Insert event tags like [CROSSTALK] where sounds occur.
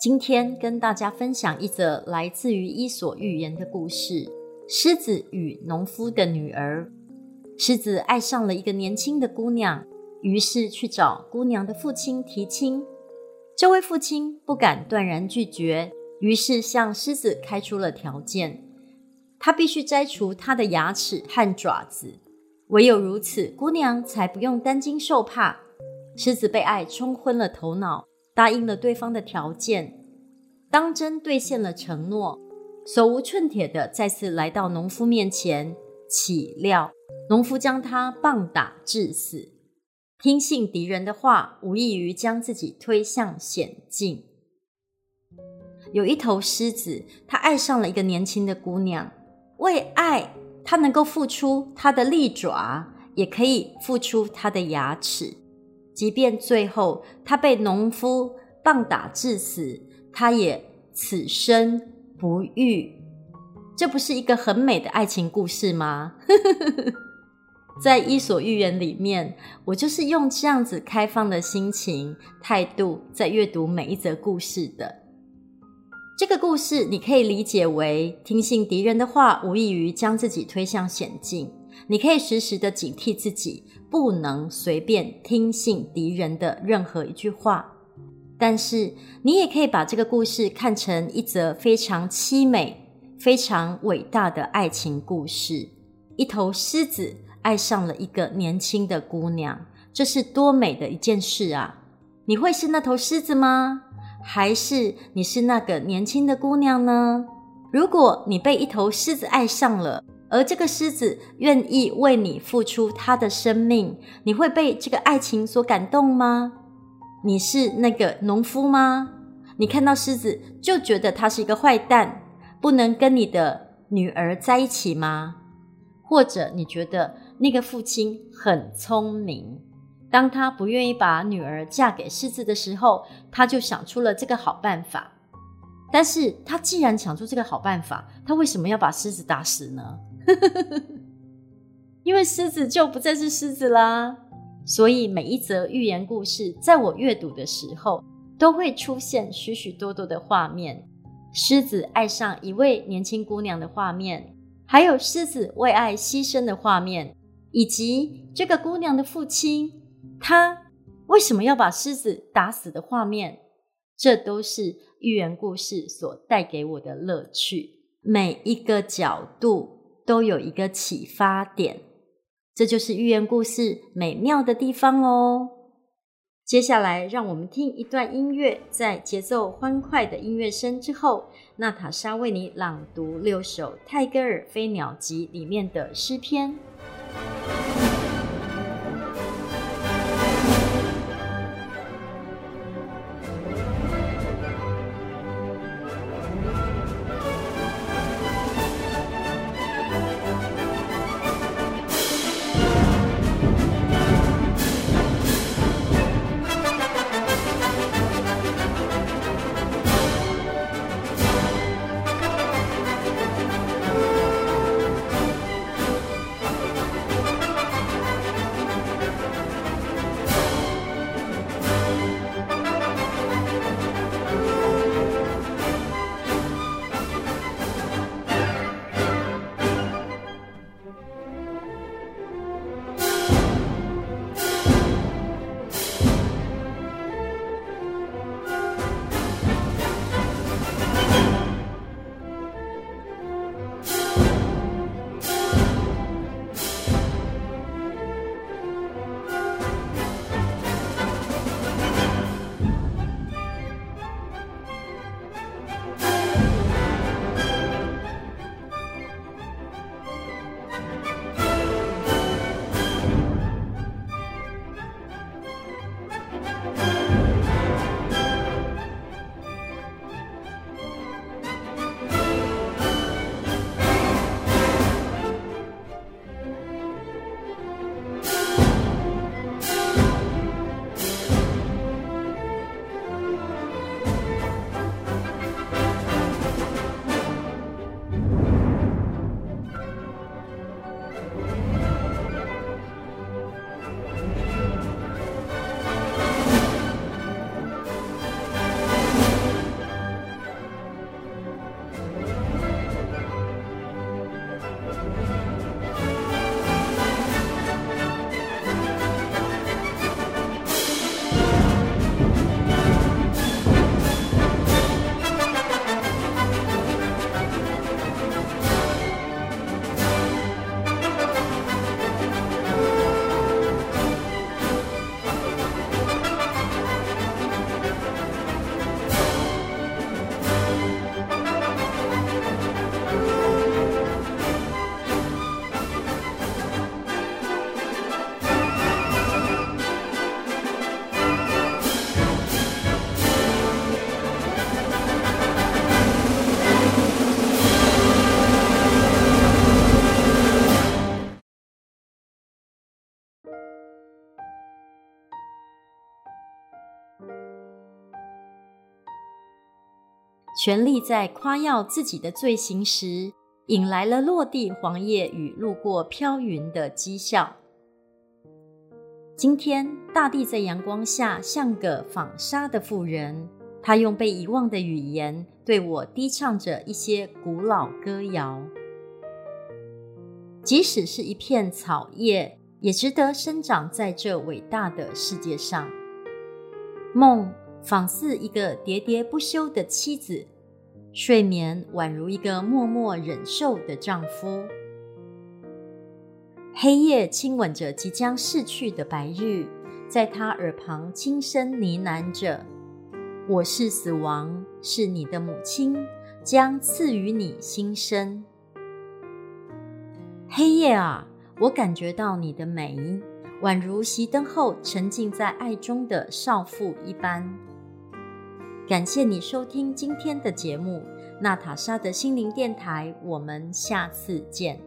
今天跟大家分享一則來自於《伊索寓言》的故事：獅子與農夫的女兒。獅子愛上了一個年輕的姑娘，於是去找姑娘的父親提親。這位父親不敢斷然拒絕，於是向獅子開出了條件：他必須摘除他的牙齒和爪子，唯有如此，姑娘才不用擔驚受怕。獅子被愛沖昏了頭腦，答應了對方的條件。當真兌現了承諾，手無寸鐵地再次來到農夫面前，豈料農夫將他棒打致死。聽信敵人的話，無異於將自己推向險境。有一頭獅子，它愛上了一個年輕的姑娘，為愛，它能夠付出它的利爪，也可以付出它的牙齒，即便最後它被農夫棒打致死。他也此生不遇，這不是一個很美的愛情故事嗎？ [LAUGHS] 在《伊索寓言》裡面，我就是用這樣子開放的心情、態度在閱讀每一則故事的。這個故事你可以理解為聽信敵人的話，無異於將自己推向險境。你可以時時的警惕自己，不能隨便聽信敵人的任何一句話。但是，你也可以把這個故事看成一則非常淒美、非常偉大的愛情故事。一頭獅子愛上了一個年輕的姑娘，這是多美的一件事啊！你會是那頭獅子嗎？還是你是那個年輕的姑娘呢？如果你被一頭獅子愛上了，而這個獅子願意為你付出它的生命，你會被這個愛情所感動嗎？你是那個農夫嗎？你看到獅子就覺得他是一個壞蛋，不能跟你的女兒在一起嗎？或者你覺得那個父親很聰明，當他不願意把女兒嫁給獅子的時候，他就想出了這個好辦法。但是他既然想出這個好辦法，他為什麼要把獅子打死呢？ [LAUGHS] 因為獅子就不再是獅子啦。所以，每一則寓言故事，在我閱讀的時候，都會出現許許多多的畫面：獅子愛上一位年輕姑娘的畫面，還有獅子為愛犧牲的畫面，以及這個姑娘的父親，他為什麼要把獅子打死的畫面。這都是寓言故事所帶給我的樂趣。每一個角度都有一個啟發點。這就是寓言故事美妙的地方哦。接下來，讓我們聽一段音樂，在節奏歡快的音樂聲之後，娜塔莎為你朗讀六首泰戈爾《飛鳥集》裡面的詩篇。權力在誇耀自己的罪行時，引來了落地黃葉與路過飄雲的譏笑。今天，大地在陽光下像個紡紗的婦人，她用被遺忘的語言對我低唱着一些古老歌謠。即使是一片草葉，也值得生長在這偉大的世界上。夢仿似一個喋喋不休的妻子，睡眠宛如一個默默忍受的丈夫。黑夜親吻着即將逝去的白日，在他耳旁輕聲呢喃着：“我是死亡，是你的母親，將賜予你新生。”黑夜啊，我感覺到你的美。宛如熄燈後沉浸在愛中的少婦一般。感謝你收聽今天的節目《娜塔莎的心靈電台》，我們下次見。